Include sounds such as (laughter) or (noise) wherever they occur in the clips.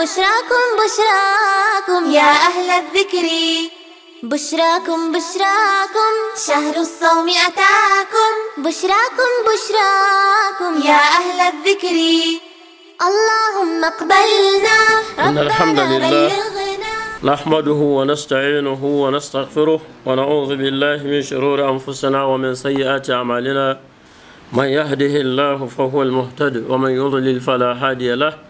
بشراكم بشراكم يا أهل الذكر بشراكم بشراكم شهر الصوم أتاكم بشراكم بشراكم يا أهل الذكر اللهم اقبلنا إن الحمد لله نحمده ونستعينه ونستغفره ونعوذ بالله من شرور أنفسنا ومن سيئات أعمالنا من يهده الله فهو المهتد ومن يضلل فلا هادي له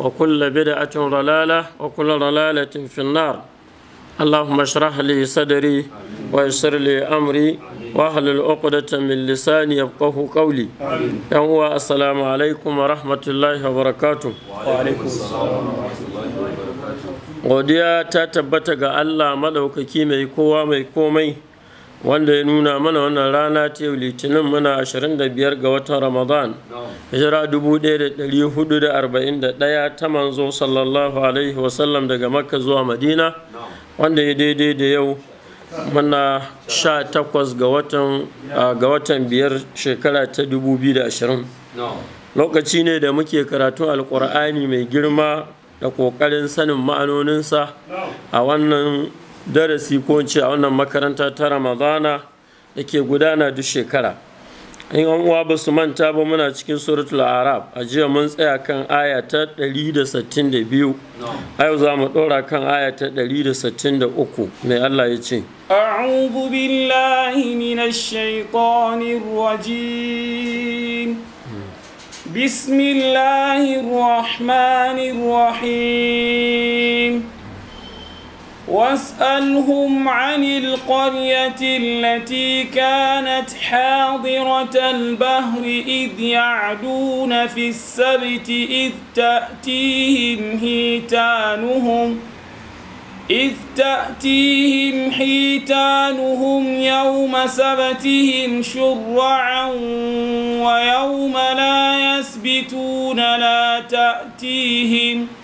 وكل بدعة ضلالة وكل ضلالة في النار اللهم اشرح لي صدري ويسر لي أمري واحلل عقدة من لساني يفقه قولي يوم السلام عليكم ورحمة الله وبركاته وعليكم السلام ورحمة الله وبركاته godiya ta tabbata ga Allah maɗaukaki mai kowa mai komai wanda ya nuna mana wannan rana ta yau litinin muna 25 ga watan ramadan hijira 1441 ta manzo sallallahu alaihi wasallam daga makka zuwa madina wanda ya daidai da yau muna 18 ga watan ga watan biyar shekara ta 2020 lokaci ne da muke karatun alkur'ani mai girma da ƙoƙarin sanin ma'anoninsa a wannan darasi ko ce a wannan makaranta ta ramadana da ke gudana duk shekara in an uwa ba su manta ba muna cikin suratul arab a jiya mun tsaya kan aya ta 162 a yau za mu ɗora kan aya ta 163 mai allah ya ce أعوذ بسم الله الرحمن واسألهم عن القرية التي كانت حاضرة البهر إذ يعدون في السبت إذ تأتيهم هيتانهم إذ تأتيهم حيتانهم يوم سبتهم شرعا ويوم لا يسبتون لا تأتيهم ۖ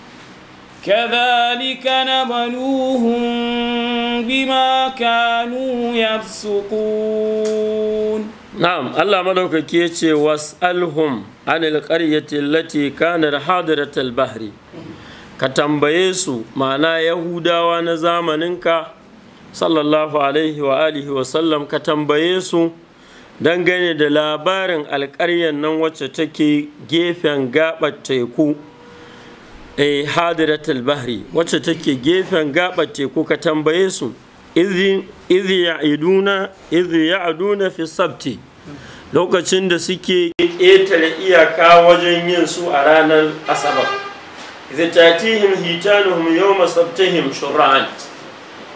كذلك نبلوهم بما كانوا يفسقون نعم الله ملوك كيتشي واسألهم عن القرية التي كانت حاضرة البحر كتم كتنبيسو معنا يهودا ونزامننك صلى الله عليه وآله وسلم كتنبيسو dangane da labarin alƙaryar nan wacce take gefen gaɓar teku eh hadiratul bahri wacce take gefen gabar teku ka tambaye su izi ya'iduna izi fi sabti lokacin da suke ƙetare iyaka wajen yin su a ranar asabar izi tatihim hitanuhum yawma sabtihim shur'an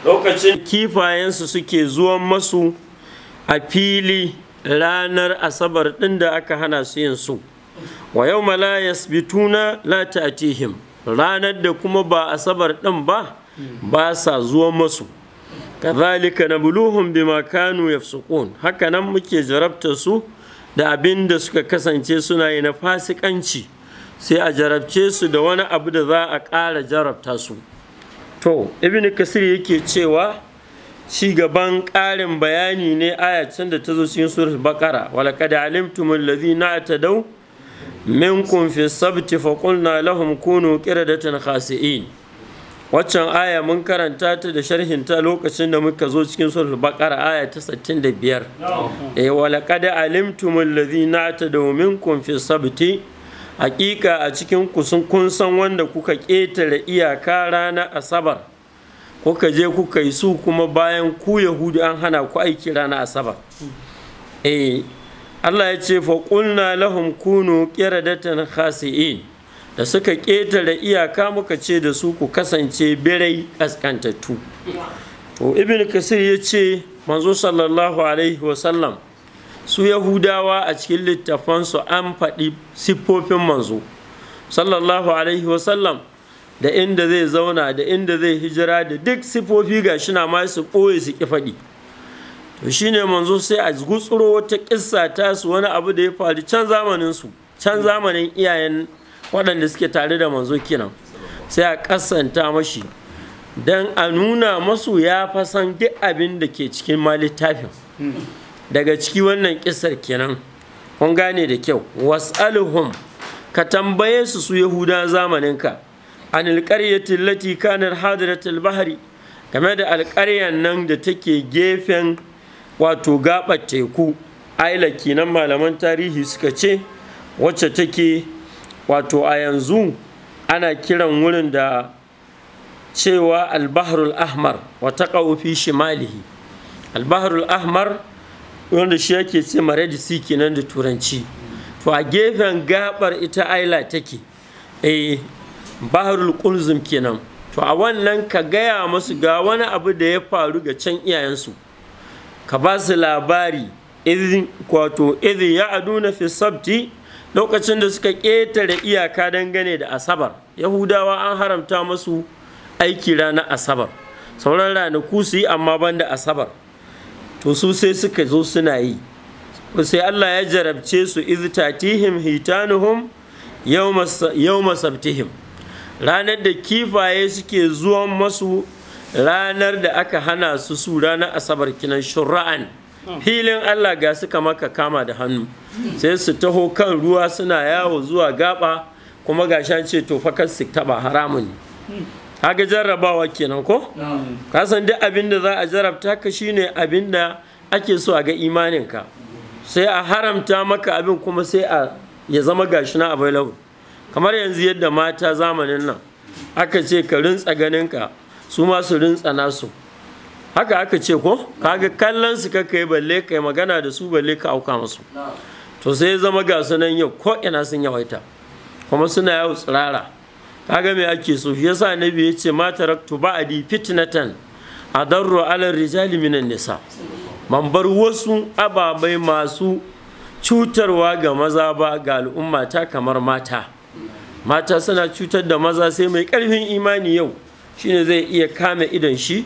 lokacin kifayensu suke zuwan masu a fili ranar asabar ɗin da aka hana su yin su wa yau la yasbituna la ta'tihim ranar da kuma ba asabar ɗin ba ba sa zuwa masu kazalika na buluhun bima kanu yafsukun haka nan muke jarabta su da abin da suka kasance suna yi na fasikanci sai a jarabce su da wani abu da za a ƙara jarabta su to ibn kasir yake cewa ci gaban ƙarin bayani ne ayacin da ta zo cikin surat bakara walaqad alimtumul na atadaw kun fi sabti fa qulna lahum kunu qiradatan khasi'in waccan aya mun karanta ta da sharhin ta lokacin da muka zo cikin suratul baqara aya ta 65 eh wa laqad alimtum alladhina atadaw minkum fi sabti hakika a cikin ku kun san wanda kuka ketare iyaka rana asabar kuka je kuka yi su kuma bayan ku yahudi an hana ku aiki rana asabar eh Allah ya ce faƙulna lahum kunu ƙiradatan khasi'in da suka ƙetare iyaka muka ce da su ku kasance birai ƙasƙantattu to ibn kasir ya ce manzo sallallahu alaihi wasallam su yahudawa a cikin littafansu an faɗi siffofin manzo sallallahu alaihi wasallam da inda zai zauna da inda zai hijira da duk siffofi gashi na ma su ɓoye su ƙi faɗi shi ne manzo sai a gutsuro wata kissa ta su wani abu da ya faru can zamanin su can zamanin iyayen waɗanda suke tare da manzo kenan sai a kasanta mashi don a nuna masu ya fasan duk abin da ke cikin malittafin daga ciki wannan ƙisar kenan kun gane da kyau was'aluhum ka tambaye su su yahuda ka an alƙaryati lati kanar hadiratul bahari game da alƙaryan nan da take gefen wato gaɓar teku aila kenan malaman tarihi suka ce wacce take wato a yanzu ana kiran wurin da cewa albaharul ahmar wata ƙaufi shimalihi albaharul ahmar wanda shi yake ce da si kenan da turanci to a gefen gabar ita aila take eh baharul kulzum kenan to a wannan ka gaya musu ga wani abu da ya faru ga can iyayensu ka ba su labari wato idh ya aduna fi sabti lokacin da suka ƙetare iyaka dangane da asabar yahudawa an haramta masu aiki ranar asabar sauran ranaku su yi amma ban da asabar to su sai suka zo suna yi sai Allah ya jarabce su iz tatihim hitanuhum yawma sabtihim ranar da kifaye suke zuwan masu ranar da aka hana su su ranar asabar kinan shura'an filin Allah ga suka maka kama da hannu sai su taho kan ruwa suna yawo zuwa gaba kuma ga shan ce to fakar su taba haramun haka hmm. jarrabawa kenan ko kasan duk abin da za a jarrabta ka shine abin da ake so a ga imaninka sai a haramta maka abin kuma sai a ya zama gashi na available kamar yanzu yadda mata zamanin nan aka ce ka rintsa ganinka su masu su rintsana su haka aka ce ko kaga kallon su kaka yi balle kai magana da su balle ka auka masu to sai zama ga sunan yau ko ina sun yawaita kuma suna yau tsirara kaga me ake so shi yasa nabi ya ce ma taraktu ba'adi fitnatan adarru ala rijali minan nisa man bar wasu ababai masu cutarwa ga maza ba ga al'ummata kamar mata mata suna cutar da maza sai mai karfin imani yau ne zai iya kame idon shi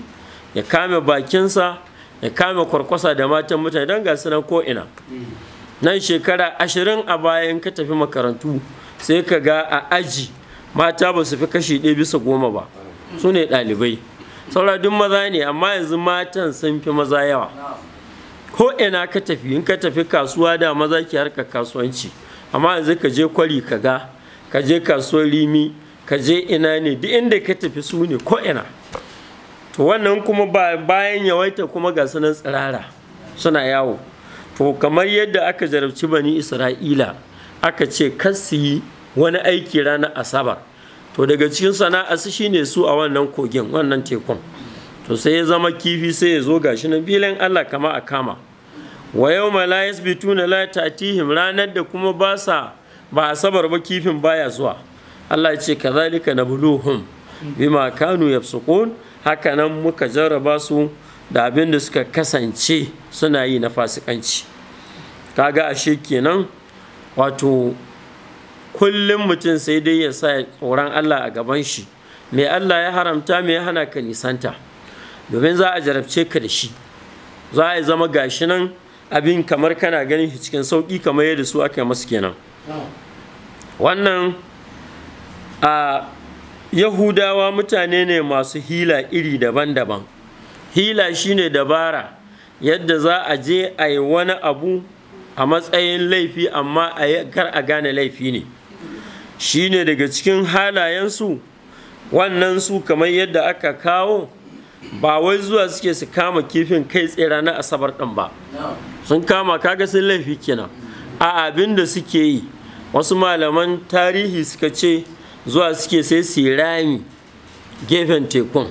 ya kame bakinsa ya kame kwarkwasa da matan mutane don gasu nan ko'ina nan shekara ashirin a bayan ka tafi makarantu sai ka ga a aji mata ba su fi kashi ɗaya bisa goma ba su ne ɗalibai saura duk maza ne amma yanzu matan sun fi maza yawa ko ina ka tafi in ka tafi kasuwa da maza ke harka kasuwanci amma yanzu ka je kwari ka ga ka je kasuwar rimi ka je ina ne duk inda ka tafi su ne ko ina to wannan kuma bayan yawaita kuma ga sanan tsirara suna yawo to kamar yadda aka jarabci bani isra'ila aka ce kar su yi wani aiki ranar asabar to daga cikin sana'a su shine su a wannan kogin wannan tekun to sai ya zama kifi sai ya zo gashi na filin Allah kama a kama wa yau ma la yasbituna la tatihim ranar da kuma ba sa ba asabar ba kifin baya zuwa Allah ya ce kazalika nabluhum bima kanu ya haka nan muka jarraba su da abin da suka kasance suna yi na fasikanci kaga ashe kenan wato kullum mutum sai dai ya sa tsoron Allah a gaban shi me Allah ya haramta me ya hana ka nisanta domin za a jarabce ka da shi za a yi zama gashi nan abin kamar kana ganin shi cikin sauƙi kamar yadda su aka yi masu kenan wannan a yahudawa mutane ne masu hila iri daban-daban hila shine dabara yadda za a je a yi wani abu a matsayin laifi amma a kar a gane laifi ne shine daga cikin halayensu wannan su kamar yadda aka kawo ba wai zuwa suke su kama kifin kai tsira na asabar ɗin ba sun kama kaga sun laifi kenan a abin da suke yi wasu malaman tarihi suka ce zuwa suke sai su rami gefen tekun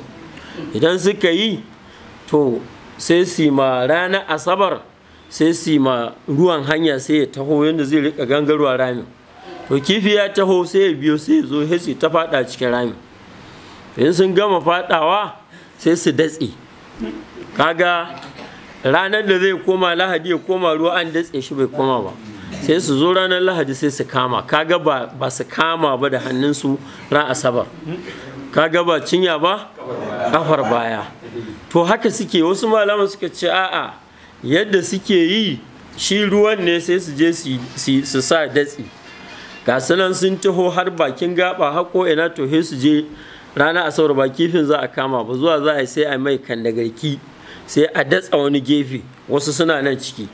idan suka yi to sai su ma ranar asabar sai su ma ruwan hanya sai ya taho yadda zai rika gangarwa ramin to kifi ya taho sai ya biyo sai ya zo hesi ta fada cikin ramin in sun gama fadawa sai su datse kaga ranar da zai koma lahadi ya koma ruwa an datse shi bai koma ba sai su zo ranar lahadi sai su kama kaga ba ba su kama ba da hannunsu ran asabar kaga ba cinya ba kafar baya to haka suke wasu malaman suka ce a'a yadda suke yi shi ruwan ne sai su je su sa datsi ga sunan sun taho har bakin gaba hako ina to he su je rana asabar ba kifin za a kama ba zuwa za a yi sai a mai kandagarki sai a datsa wani gefe wasu suna nan ciki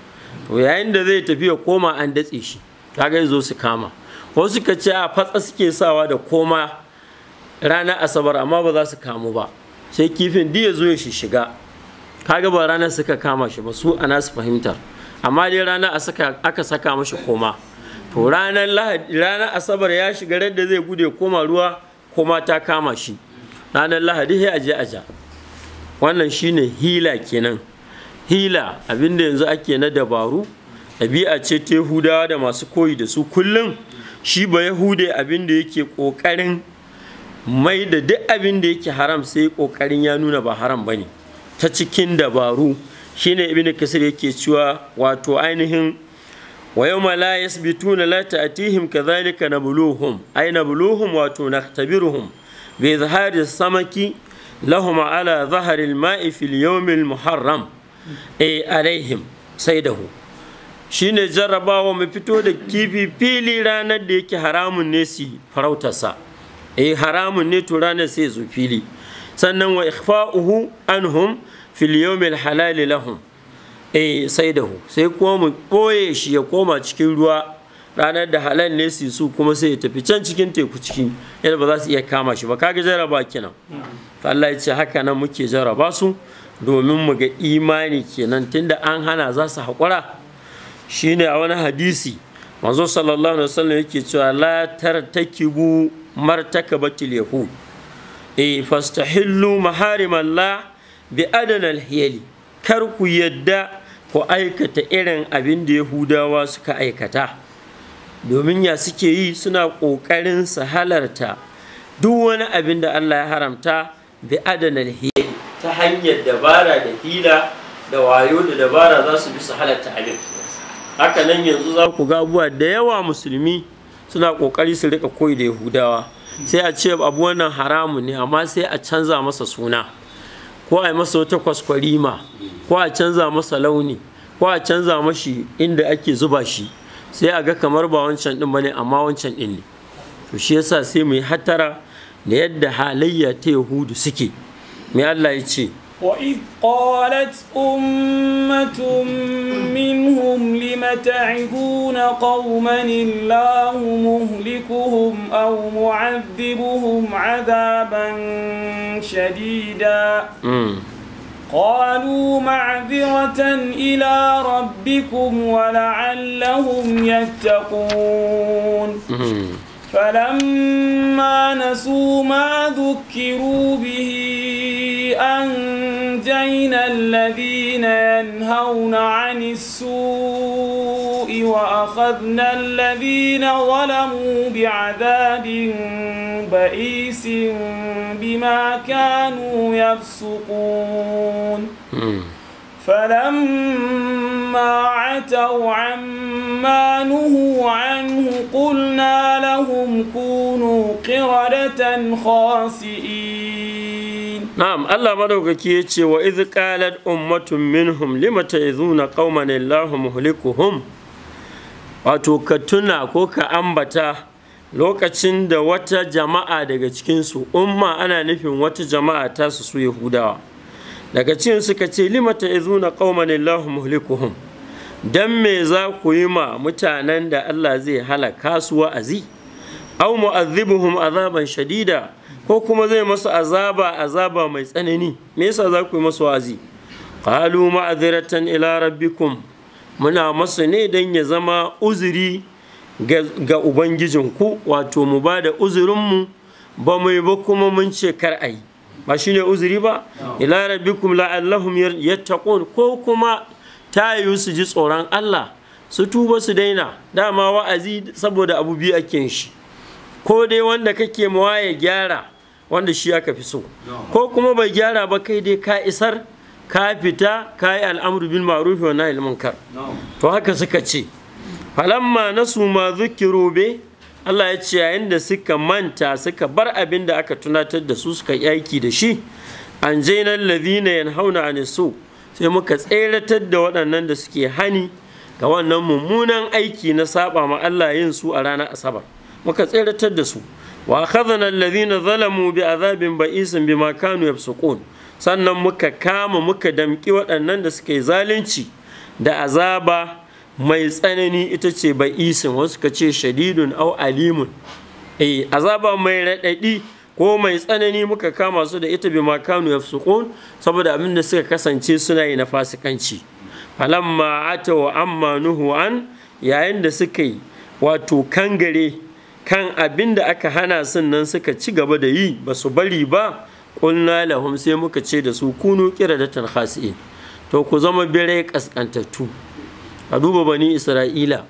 to yayin da zai tafi ya koma an datse shi kaga zo su kama wasu ka ce a fatsa suke sawa da koma ranar asabar amma ba za su kamu ba sai kifin di ya zo ya shiga kaga ba ranar suka kama shi ba su ana su fahimta amma dai ranar aka saka mashi koma to ranar asabar ya shiga da zai gude koma ruwa koma ta kama shi ranar lahadi sai aje je a wannan shine hila kenan hila abinda yanzu ake na dabaru ɗabi'a ce ta yahudawa da masu koyi da su kullum shi ba ya yahude abinda yake ƙoƙarin mai da duk abinda yake haram sai ƙoƙarin ya nuna ba haram ba ne ta cikin dabaru shi shine ibn kasir yake cewa wato ainihin wa yawma la yasbituna la ta'tihim kadhalika nabluhum ay nabluhum wato na bi izhari samaki lahum ala zahari al-ma'i fil yawm al-muharram e alaihim sai da hu shine jarrabawa mu fito da kifi fili ranar da yake haramun ne su farautarsa e haramun ne to ranar sai zo fili sannan wa ikfa'uhu anhum fil yawmil halal lahum e sai da hu sai kuma mu boye shi ya koma cikin ruwa ranar da halal ne su su kuma sai ya tafi can cikin teku ciki yadda ba za su iya kama shi ba kaga jaraba kenan mm-hmm. Allah ya ce haka nan muke jaraba su domin mu ga imani kenan tunda an hana za su haƙura shine a wani hadisi manzo sallallahu alaihi wasallam yake cewa la tartakibu martakabatil yahud e fastahillu Allah bi adanal hiyali kar ku yadda ku aikata irin abin da yahudawa suka aikata domin ya suke yi suna ƙoƙarin su halarta duk wani abin da Allah ya haramta bi adanal hiyali ta hanyar dabara da hila da wayo da dabara za su bi su halatta abin haka nan yanzu za ku ga abuwa da yawa musulmi suna kokari su rika koyi da yahudawa sai a ce abu wannan haramu ne amma sai a canza masa suna ko a yi masa wata kwaskwarima ko a canza masa launi ko a canza mashi inda ake zuba shi sai a ga kamar ba wancan din bane amma wancan din ne to shi yasa sai mu yi hattara da yadda halayya ta yahudu suke me وإذ قالت أمة منهم لم تعبون قوما الله مهلكهم أو معذبهم عذابا شديدا قالوا معذرة إلى ربكم ولعلهم يتقون فلما نسوا ما ذكروا به أنجينا الذين ينهون عن السوء وأخذنا الذين ظلموا بعذاب بئيس بما كانوا يفسقون فلما عتوا عما نهوا عنه قلنا لهم كونوا قردة خاسئين na'am Allah madaukaki ya ce wa iz qalat ummatun minhum lima ta'izuna qauman Allahu muhlikuhum wato ka tuna ko ka ambata lokacin da wata jama'a daga cikinsu umma ana nufin wata jama'a ta su su yahudawa daga cikin suka ce lima ta'izuna qauman Allahu muhlikuhum dan me za ku yi ma mutanen da Allah zai halaka su wa'azi aw mu'adhibuhum azaban shadida ko kuma zai masu azaba azaba mai tsanani me yasa za ku yi masu wa'azi qalu ma'dhiratan ila rabbikum muna masu ne dan ya zama uzuri ga ubangijin ku wato mu ba da mu ba mai ba kuma mun ce kar ai ba shine uzuri ba ila rabbikum la'allahum yattaqun ko kuma yi su ji tsoron Allah su tuba su daina dama wa'azi saboda abu biyu ake shi ko dai wanda kake mawa ya gyara wanda shi aka fi so ko kuma bai gyara ba kai dai ka isar ka fita ka yi al'amuru bil ma'ruf wa nahyi munkar to haka suka ce falamma nasu ma zukiru be Allah ya ce yayin da suka manta suka bar abin da aka tunatar da su suka yaki da shi an jaina alladhina yanhauna an su sai muka tseratar da waɗannan da suke hani ga wannan mummunan aiki na saba ma Allah yin su a ranar asabar muka tseratar da su wa akhadhana alladhina zalamu bi azabin ba'isin bima kanu sannan muka kama muka damƙi waɗannan da suka yi zalunci da azaba mai tsanani ita ce ba'isin wasu ka ce shadidun au alimun eh azaba mai raɗaɗi ko mai tsanani muka kama su da ita bima kanu yafsukun saboda abin da suka kasance suna yi na fasikanci falamma atawa amma nuhu an yayin da suka yi wato kangare kan abin da aka hana nan suka ci gaba da yi ba su bari ba ƙulna lahum sai muka ce da su kunu kira da tarhasi'in to ku zama bire kaskantattu a duba bani isra'ila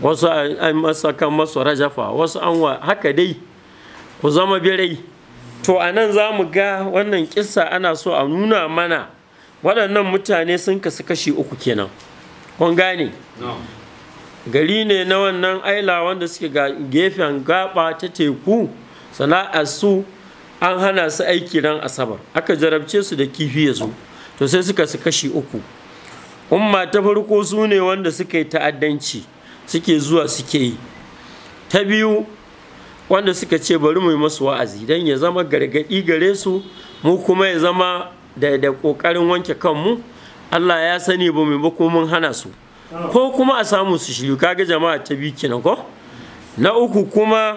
wasu an masa kan masu rajafa wasu an wa haka dai ku zama birai to a nan za mu ga wannan kissa ana so a nuna mana waɗannan mutane sun kasu kashi uku kenan kun gane gari ne na wannan aila wanda suke gefen gaba ta teku sana'ar su an hana su aiki ran asabar aka jarabce su da kifi ya zo to sai suka su kashi uku umma ta farko su ne wanda suka yi ta'addanci suke zuwa suke yi ta biyu wanda suka ce bari mu yi masu wa'azi don ya zama gargaɗi gare su mu kuma ya zama da ƙoƙarin wanke kanmu allah ya sani ba mu ba mun hana su ko kuma a samu su shiryu kaga jama'a ta biyu kenan ko na uku kuma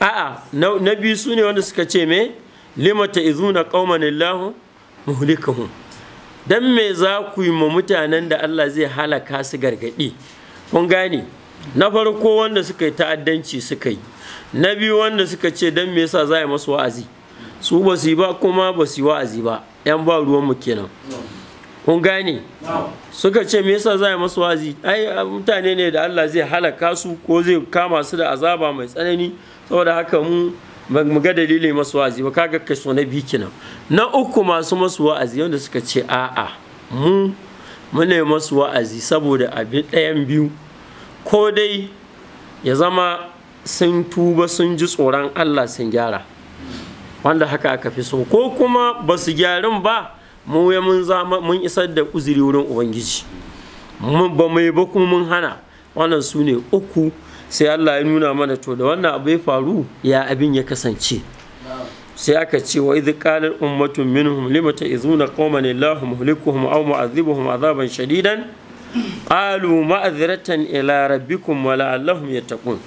a'a na biyu su ne wanda suka ce me limata izuna qauman illahu muhlikuhum dan me za ku yi ma mutanen da Allah zai halaka su gargadi kun gane na farko wanda suka yi ta'addanci suka yi na biyu wanda suka ce dan me yasa za a yi masu wa'azi su ba su yi ba kuma ba su yi wa'azi ba yan ba ruwan mu kenan kun gane suka ce me yasa za a masu wazi ai mutane ne da Allah zai halaka su ko zai kama su da azaba mai tsanani saboda haka mu mu ga dalilin masu wazi ba kaga kai so na biki na uku masu masu wazi wanda suka ce a'a mu ne masu wazi saboda abin ɗayan biyu ko dai ya zama sun tuba sun ji tsoron Allah sun gyara wanda haka aka fi so ko kuma ba su gyarin ba mu ya mun zama mun isar da uzuri wurin ubangiji mun ba mai ba kuma mun hana wannan su ne uku sai Allah ya nuna mana to da wannan abu ya faru ya abin ya kasance sai aka ce wa idh qalat ummatu minhum lima ta'izuna qauman illahu muhlikuhum aw mu'adhibuhum adhaban shadidan qalu ma'dhiratan ila rabbikum wa la'allahum yattaqun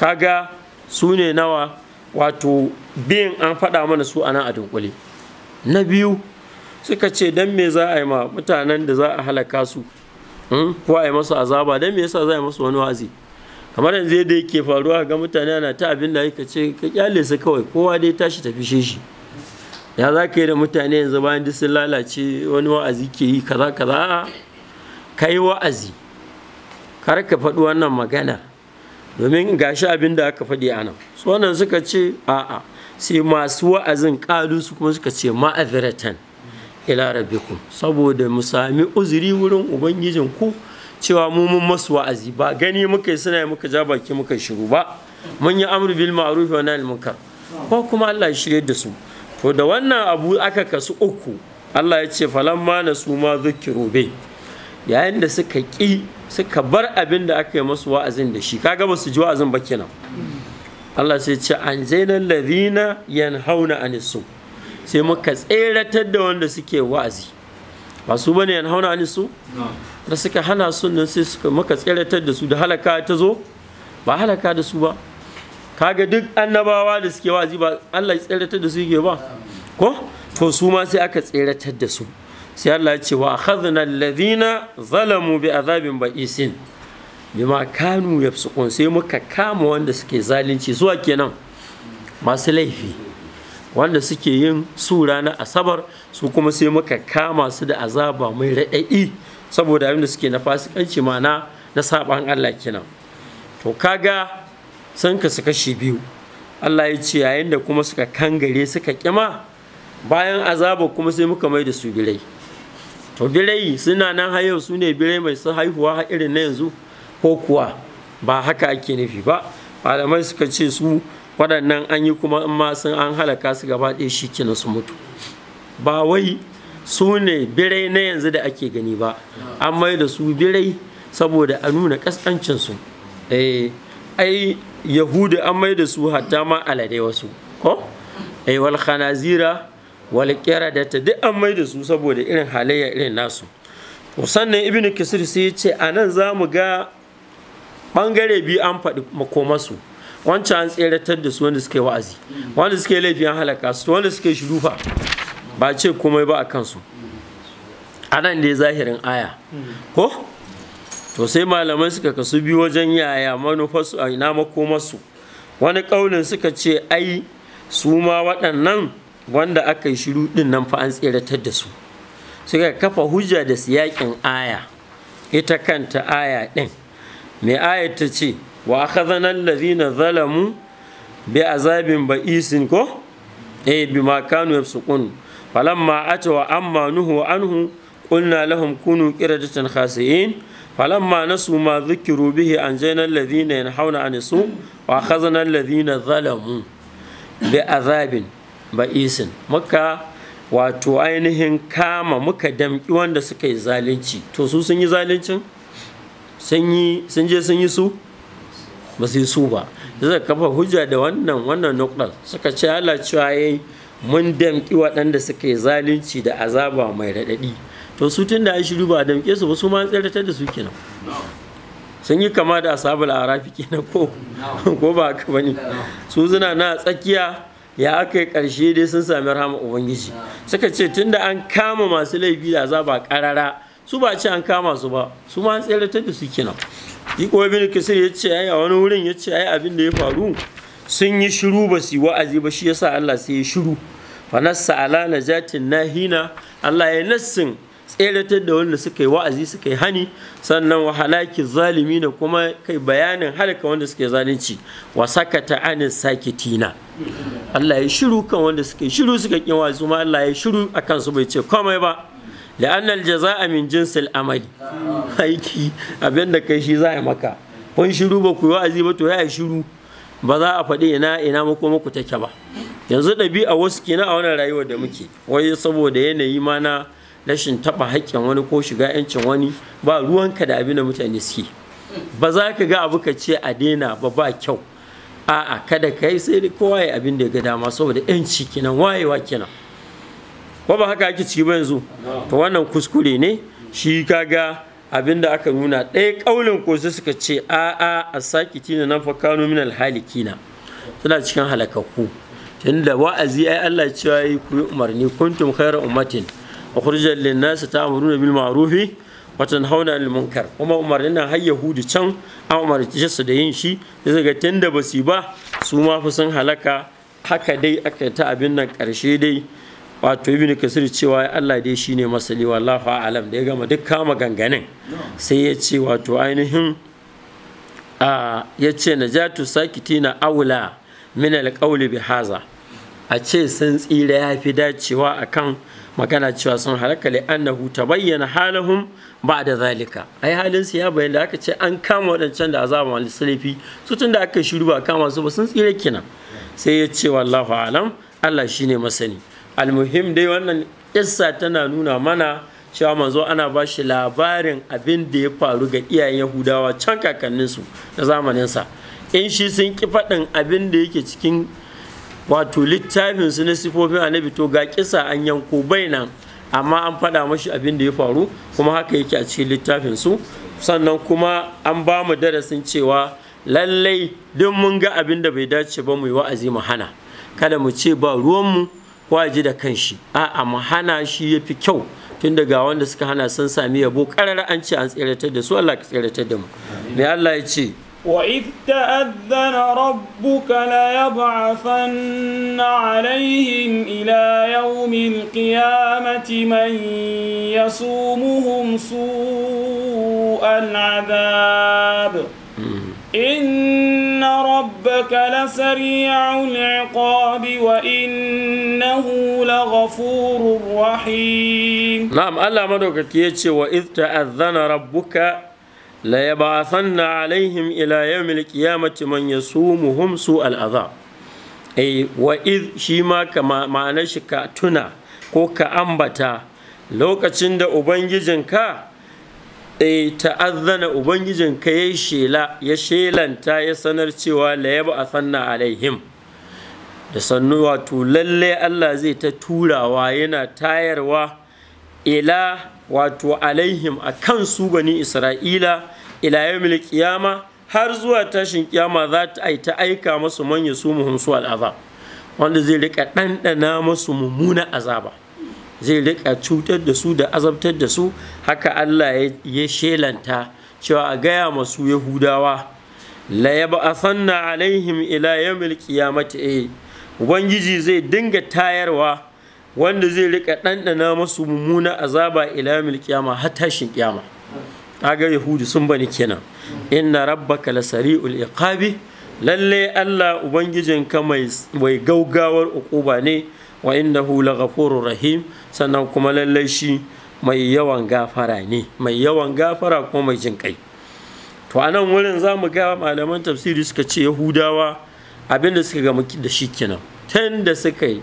kaga su ne nawa wato biyan an faɗa mana su nan a dunkule na biyu suka ce dan me za a yi ma mutanen da za a halaka su hmm? ko a yi masu azaba dan me yasa za a yi masu wani wazi kamar yanzu yadda yake faruwa ga mutane yana ta abin da yake ce ka kyale su kawai kowa dai tashi tafi shi ya za ka yi da mutane yanzu bayan duk sun lalace wani wa'azi ke yi kaza kaza ka yi wa'azi kar ka faɗi wannan magana domin gashi abin da aka faɗi a nan su wannan suka ce a'a sai masu wa'azin ƙalu su kuma suka ce ma'aziratan ila rabbikum saboda mu sami uzuri wurin ubangijin ku cewa mu mun masu wa'azi ba gani muka yi suna muka ja baki muka shiru ba mun yi amru bil ma'ruf wa nahy munkar ko kuma Allah ya shirye da su to da wannan abu aka kasu uku Allah ya ce ma na su ma zukiru be yayin da suka ki suka bar abin da aka yi masu wa'azin da shi kaga ba su ji wa'azin ba kenan Allah sai ce an zainal ladina yanhauna anisu sai muka tseratar da wanda suke wa'azi ba su bane yan hauna ni su da suka hana su nan sai suka muka tseratar da su da halaka ta zo ba halaka da su ba kaga duk annabawa da suke wa'azi ba Allah ya tseratar da su yake ba ko to su ma sai aka tseratar da su sai Allah ya ce wa akhadna alladhina zalamu bi adhabin ba'isin bima kanu yafsukun sai muka kama wanda suke zalunci zuwa kenan masu laifi wanda suke yin su ranar asabar su kuma sai muka kama su da azaba mai raɗaɗi saboda abin da suke na fasikanci mana na saban Allah kenan to kaga san ka su shi biyu Allah ya ce yayin da kuma suka kangare suka kima bayan azaba kuma sai muka mai da su birai to birai suna nan har yau su ne birai mai su haihuwa irin na yanzu ko kuwa ba haka ake nufi ba malamai suka ce su waɗannan an yi kuma in ma sun an halaka su gaba ɗaya shi kenan su mutu ba wai su ne birai na yanzu da ake gani ba an mai da su birai saboda a nuna ƙasƙancinsu eh, ai yahudu an mai da su hatta ma alade wasu ko ai eh, wal khanazira wal qiradata duk an mai da su saboda irin halayya irin nasu to sannan ibnu kasir sai ya ce anan zamu ga bangare biyu an faɗi makomasu wancan an tseratar da su wanda suka yi wa'azi wanda suka yi laifin halaka su wanda suka yi shirufa ba ce komai ba a kansu anan dai zahirin aya ko to sai malamai suka kasu biyu wajen yaya manufarsu a ina makomarsu wani ƙaunin suka ce ai su ma waɗannan wanda aka yi shiru ɗin nan fa an tseratar da su suka kafa hujja da siyakin aya ita kanta aya ɗin mai aya ta ce wa akhadhana alladhina zalamu bi azabin ba'isin ko eh ma kanu yafsukun falamma atawa amma nuhu anhu قلنا لهم كونوا قردة خاسئين فلما نسوا ما ذكروا به أنجينا الذين ينحون عن السوء وأخذنا الذين ظلموا بعذاب بئيس مكة wato ainihin kama muka damƙi wanda suka yi zalunci to su sun yi zaluncin sun je sun yi su ba su yi su ba zai kafa hujja da wannan wannan nukdar suka ce ala cewa yayi mun damƙi waɗanda suka yi zalunci da azaba mai raɗaɗi to su tun da ya shiru ba damƙe su ba su ma tsirratar da su kenan sun yi kama da asabul arafi kenan ko ko ba haka bane su zina na tsakiya ya aka yi ƙarshe dai sun sami rahama ubangiji suka ce tun da an kama masu laifi da azaba karara su ba ce an kama su ba su ma tsirratar da su kenan iko bin kisir ya ce a wani wurin ya ce ai abin da ya faru sun yi shiru ba su wa'azi ba shi ya sa Allah sai ya shiru fa nassa ala najatin nahina Allah ya nassin tseratar da wanda suka yi wa'azi suka yi hani sannan wa halaki zalimi da kuma kai bayanin halaka wanda suke yi zalunci wa sakata anin sakitina Allah ya shiru kan wanda suka yi shiru suka yi wa'azi kuma Allah ya shiru akan su bai ce komai ba za a min jinsil amali aiki abinda kai shi za a maka kun shiru ba ku yi wa'azi ba to ya shiru ba za a faɗi ina ina mako muku take ba yanzu ɗabi'a wasu kina a wannan rayuwar da muke wai saboda yanayi ma na rashin taɓa haƙƙin wani ko shiga 'yancin wani ba ruwan ka da abin da mutane suke ba za ka ga abu ka ce a daina ba ba kyau a'a kada ka yi sai kowa ya abinda ya ga dama saboda 'yanci kina wayewa kina. ba ba haka ake ciki ba yanzu to wannan kuskure ne shi kaga abinda aka nuna ɗaya ƙaunin ko sai suka ce a a a saki tina nan fa kano min alhalikina suna cikin halakakku tunda wa'azi ai Allah cewa yi ku umarni kuntum khairu ummatin ukhrijal lin nas ta'muruna bil ma'rufi wa tanhauna 'anil munkar kuma umarni nan har yahudu can an umarci su da yin shi sai ga tunda basu ba su ma fa sun halaka haka dai aka ta abin nan ƙarshe dai wato ibn kasir cewa Allah dai shine masali wallahu alam da ya gama duk kama ganganin sai ya ce wato ainihin a ya ce najatu sakitina aula min alqawli bi haza a ce sun tsira ya fi dacewa akan magana cewa sun halaka li annahu tabayyana halahum ba'da zalika ai halin su ya bayyana da aka ce an kama wadancan da azaba wal salafi su tun da aka shiru ba kama su ba sun tsira kenan sai ya ce wallahu alam Allah shine masani almuhim dai wannan issa tana nuna mana cewa manzo ana ba shi labarin abin da ya faru ga iyayen yahudawa can kakanninsu na zamaninsa in shi sun ki faɗin abin da yake cikin wato littafinsu na sifofin annabi to ga kisa an yanko bainan amma an faɗa mashi abin da ya faru kuma haka yake a cikin su sannan kuma an ba mu darasin cewa lallai duk mun ga abin da bai dace ba mu yi wa'azi mu hana kada mu ce ba ruwanmu kowa da kanshi a'a mu hana shi fi kyau tun daga wanda suka hana sun sami yabo karar an ce an tseratar da su Allah ka tseratar da mu me Allah ya ce وإذ تأذن ربك ليبعثن عليهم إلى يوم القيامة من يصومهم سوء العذاب إن ربك لسريع العقاب وإنه لغفور رحيم نعم ألا مدوك كيتشي وإذ تأذن ربك ليبعثن عليهم إلى يوم القيامة من يصومهم سوء الأذى أي وإذ شيما كما معنشك تنا كوك ka ambata lokacin da ubangijinka eh ta'azzana ubangijin ka ya shela ya shelanta ya sanar cewa la yaba a alaihim da sannu wato lalle Allah zai ta turawa yana tayarwa ila wato alaihim a kan su bani isra'ila ila yawmil kiyama har zuwa tashin kiyama za ta ta aika masu manya su muhum su al'azab wanda zai rika ɗanɗana masu mummuna azaba zai rika cutar da su da azabtar da su haka Allah ya shelanta cewa a gaya masu yahudawa la yab'athanna alaihim ila yawmil qiyamati eh ubangiji zai dinga tayarwa wanda zai rika ɗanɗana masu mummuna azaba ila yawmil qiyama har tashin qiyama kaga yahudu sun bani kenan inna rabbaka lasari'ul iqabi lalle Allah ubangijinka mai gaugawar uquba ne wa hula gafuru rahim sannan kuma lallai shi mai yawan gafara ne mai yawan gafara kuma mai jin kai to a wurin za mu ga malaman tafsiri suka ce yahudawa abinda suka ga da shi kenan tun da suka yi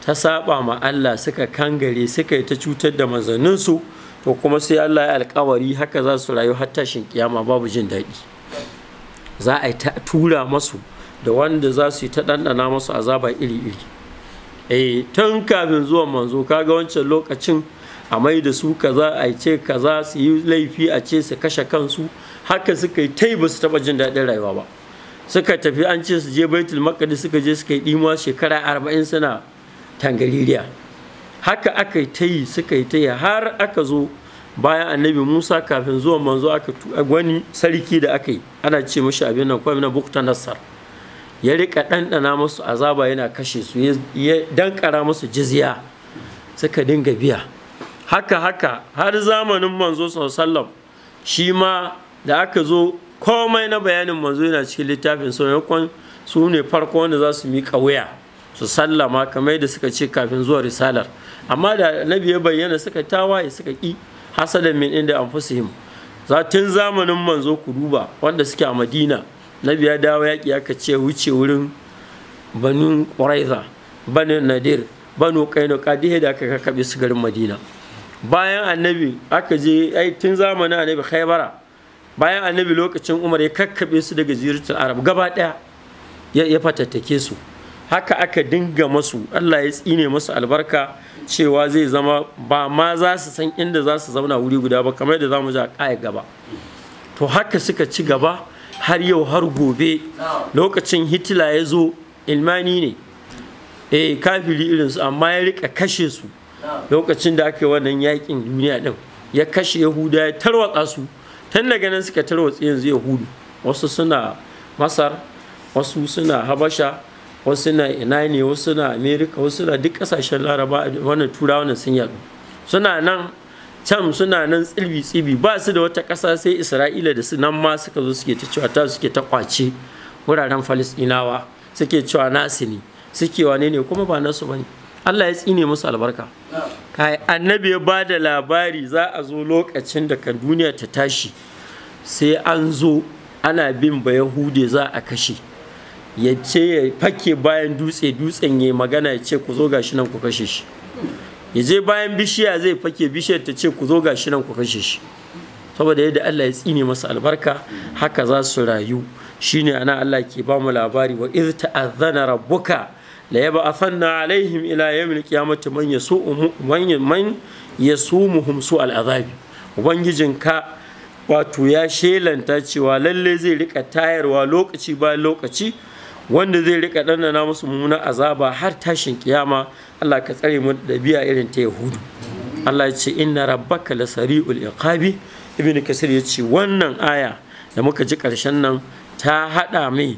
ta saba ma Allah suka kangare suka yi ta cutar da su to kuma sai Allah ya alkawari haka za su rayu har tashin kiyama babu jin daɗi za a tura masu da wanda za su yi ta ɗanɗana masu azaba iri-iri eh tun kafin zuwa manzo kaga wancan lokacin a mai da su kaza a ce kaza su yi laifi a ce su kashe kansu haka suka yi tai ba su taba jin daɗin rayuwa ba suka tafi an ce su je baitul maqdis suka je suka yi ɗima shekara arba'in suna tangaririya haka aka yi ta yi suka yi ta yi har aka zo bayan annabi musa kafin zuwan manzo aka wani sarki da aka yi ana ce mashi abin nan kwamina bukta nassar ya rika ɗanɗana musu azaba yana kashe su ya dankara musu jizya suka dinga biya haka haka har zamanin manzo sallam shi ma da aka zo komai na bayanin manzo yana cikin littafin sauyankon su ne farko wanda za su miƙa wuya su sallama kamar da suka ce kafin zuwa risalar amma da nabi ya bayyana suka tawaye suka ƙi hasadan min inda an anfusihim za tun zamanin manzo ku duba wanda suke a madina nabi ya dawo yaƙi aka ce wuce wurin banu ƙwaraiza banu nadir banu kaino da aka kakaɓe su garin madina bayan annabi aka je ai tun zamanin annabi khaybara bayan annabi lokacin umar ya kakkaɓe su daga ziyartar arab gaba ɗaya ya fatattake su haka aka dinga masu allah ya tsine masu albarka cewa zai zama ba ma za su san inda za su zauna wuri guda ba kamar da za mu ji a gaba to haka suka ci gaba har yau har gobe lokacin hitila ya zo ilmani ne eh kafiri irinsu amma ya rika kashe su lokacin da aka yi wannan yakin duniya din ya kashe yahuda ya tarwatsa su tun daga nan suka tarwatsa yanzu yahudu wasu suna masar wasu suna habasha wasu na ina ne wasu na amerika wasu na duk kasashen laraba wannan turawa sun yadu suna nan can suna nan tsibi tsibi ba su da wata ƙasa sai isra'ila da su nan ma suka zo suke ta cewa ta suke ta kwace wuraren falisɗinawa suke cewa nasu ne suke wane ne kuma ba nasu ba ne. Allah ya tsine musu albarka kai annabi ya ba da labari za a zo lokacin da kan duniya ta tashi sai an zo ana bin ba yahude za a kashe ya ce ya fake bayan dutse dutsen ya magana ya ce ku zo gashi nan ku kashe shi ya je bayan bishiya zai fake bishiyar ta ce ku zo ga shi nan ku kashe shi saboda yadda Allah ya tsine masa albarka haka za su rayu shine ana Allah ke ba mu labari wa iz ta'azzana rabbuka la yab'athanna alaihim ila yawmil qiyamati man yasu'u man man yasumuhum su'al ubangijin ubangijinka wato ya shelanta cewa lalle zai rika tayarwa lokaci bayan lokaci wanda zai rika ɗanɗana musu mummunan azaba har tashin kiyama Allah ka tsare mu da biya irin ta yahudu Allah ya ce inna rabbaka Sari'ul iqabi ibnu kasir ya ce wannan aya da muka ji karshen nan ta haɗa mai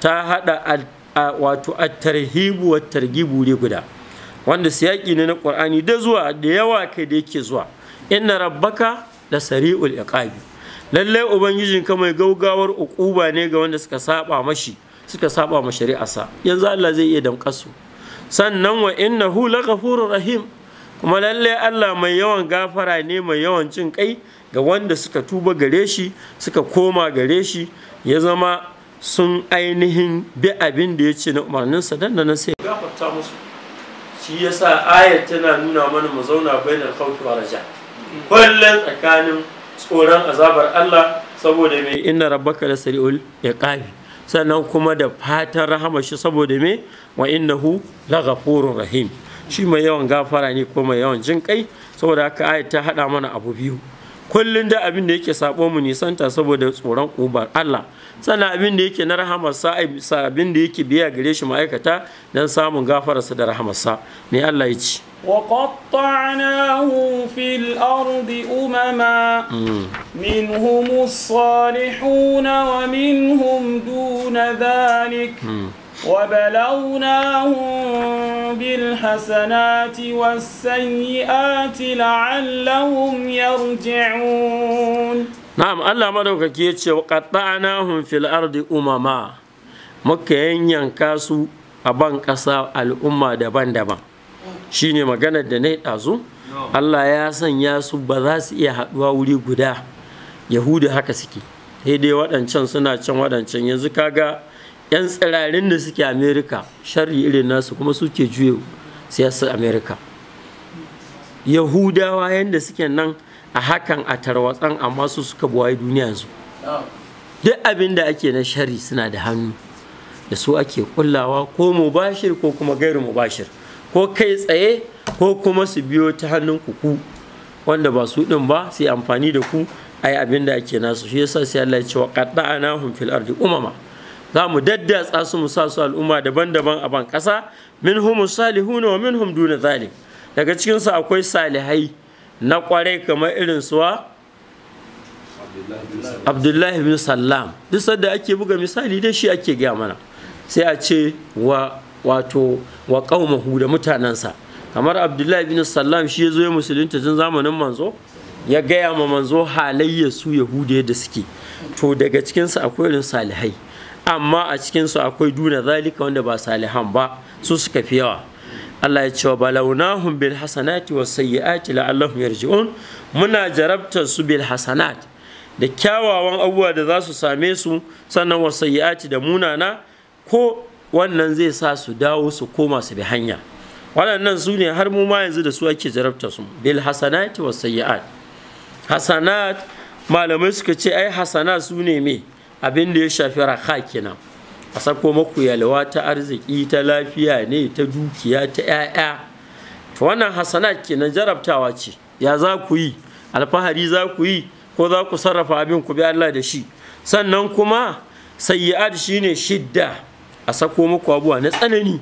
ta targi wato at-tarhibu wat targibu ne guda wanda siyaki ne na Qur'ani da zuwa da yawa kai da yake zuwa inna rabbaka Sari'ul iqabi lallai ubangijinka mai gaugawar uquba ne ga wanda suka saba mashi suka saba ma shari'arsa yanzu Allah zai iya su sannan wa innahu laghafurur rahim kuma lalle Allah mai yawan gafara ne mai yawan jin kai ga wanda suka tuba gare shi suka koma gare shi ya zama sun ainihin bi abin da ya ce na sa dan nan sai gafarta musu shi yasa ayat tana nuna mana mu zauna bainal khawfi wa raja kullun tsakanin tsoron azabar Allah saboda mai inna rabbaka lasari'ul iqabi sannan kuma da fatan rahama shi saboda me wa innahu ghafurur rahim shi mai yawan gafara ne ko mai yawan jin kai saboda haka ayat ta hada mana abu biyu kullum da abin da yake sabo mu nisanta saboda tsoron ubar Allah sannan abin da yake na rahamarsa abin da yake biya gare shi ma'aikata don samun gafararsa da rahamarsa ne Allah ya ci وقطعناهم في الأرض أمما منهم الصالحون ومنهم دون ذلك وبلوناهم بالحسنات والسيئات لعلهم يرجعون نعم الله ce, دوكا كيتشي وقطعناهم في الأرض أمما مكة su a أبان كاسا الأمة daban دبان shine maganar da na ɗazu Allah ya sanya su ba za su iya haɗuwa wuri guda yahuda haka suke dai dai waɗancan suna can waɗancan yanzu ka ga. 'yan tsirarin da suke amerika sharri irin nasu kuma suke juye siyasar amerika yahudawa yadda suke nan a hakan a tarwatsan amma su suka buwaye duniya su duk abin da ake na shari suna da hannu da su ake kullawa ko mubashir ko kuma gairu mubashir ko kai tsaye ko kuma su biyo ta hannun kuku wanda ba su din ba sai amfani da ku ai abin da ake nasu shi yasa sai Allah ya ce wa qatta'nahum fil ardi umama za mu daddatsa su mu sa su al'umma daban-daban a ban ƙasa minhum salihuna wa minhum duna zalim daga cikinsu akwai salihai na kwarai kamar irin suwa Abdullahi bin Sallam duk sanda ake buga misali dai shi ake gaya mana sai a ce wa wato wa qaumahu da mutanansa kamar Abdullahi bin Sallam shi ya zo ya musulunta tun zamanin manzo ya gaya ma manzo halayya su yahudiya da suke to daga cikinsu akwai irin salihai amma a cikinsu akwai duna zalika wanda ba salihan ba su suka fi yawa Allah ya ce wa balawnahum bil hasanati was sayyiati la'allahum yarji'un muna jarabta su bil hasanat da kyawawan abubuwa da za su same su sannan was sayyiati da munana ko wannan zai sa su dawo su koma su bi hanya waɗannan su ne har mu ma yanzu da su ake jarabta su bil hasanati was sayyi'at hasanat malamai suka ce ai hasanat su ne me abin da ya shafi raka kenan a sako maku yalwa ta arziki ta lafiya ne ta dukiya ta 'ya'ya to wannan ke kenan jarabtawa ce ya za ku yi alfahari za ku yi ko za ku sarrafa abin ku bi Allah da shi sannan kuma sayyi'at shine shidda a sako muku abuwa na tsanani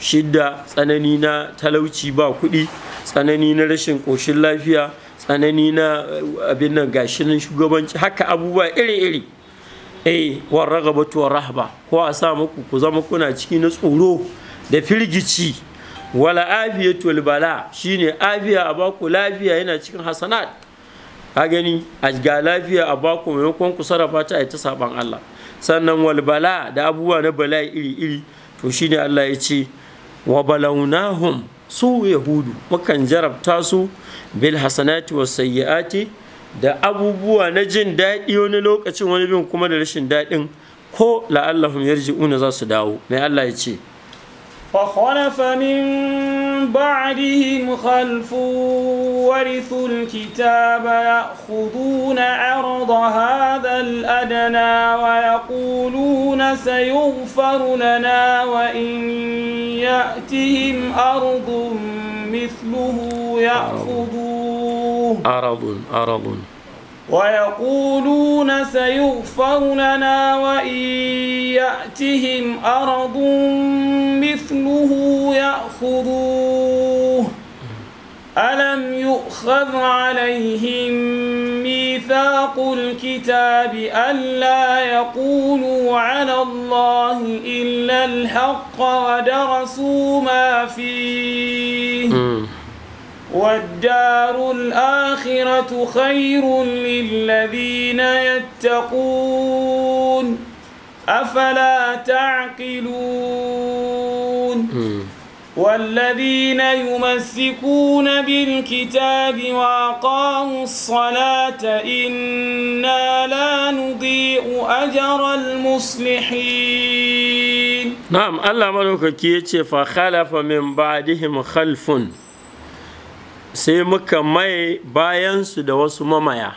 shidda tsanani na talauci ba kuɗi tsanani na rashin ƙoshin lafiya tsanani na eh, abin nan gashirin shugabanci haka abubuwa iri-iri eh war ragabatu war rahba ko a sa muku ku zama kuna ciki na tsoro da firgici wala wal bala shine afiya a baku lafiya yana cikin hasanat Ka gani a ga lafiya a baku maimakon ku sarrafa ta ta saban Allah sannan wal bala da abubuwa na bala iri iri to shine Allah ya ce wa balawnahum su yahudu mukan jarabta su bil hasanati was sayyiati da abubuwa na jin daɗi wani lokacin wani bin kuma da rashin daɗin ko la'allahum yarji'una za su dawo mai Allah ya ce فخلف من بعدهم خلف ورثوا الكتاب يأخذون عرض هذا الأدنى ويقولون سيغفر لنا وإن يأتهم أرض مثله يأخذون أرض أرض ويقولون سيغفر لنا وإن يأتهم أرض مثله يأخذوه ألم يؤخذ عليهم ميثاق الكتاب ألا يقولوا على الله إلا الحق ودرسوا ما فيه والدار الآخرة خير للذين يتقون أفلا تعقلون والذين يمسكون بالكتاب وأقاموا الصلاة إنا لا نضيع أجر المصلحين نعم الله ملوك كيتش فخلف من بعدهم خلف sai muka mai bayansu da wasu mamaya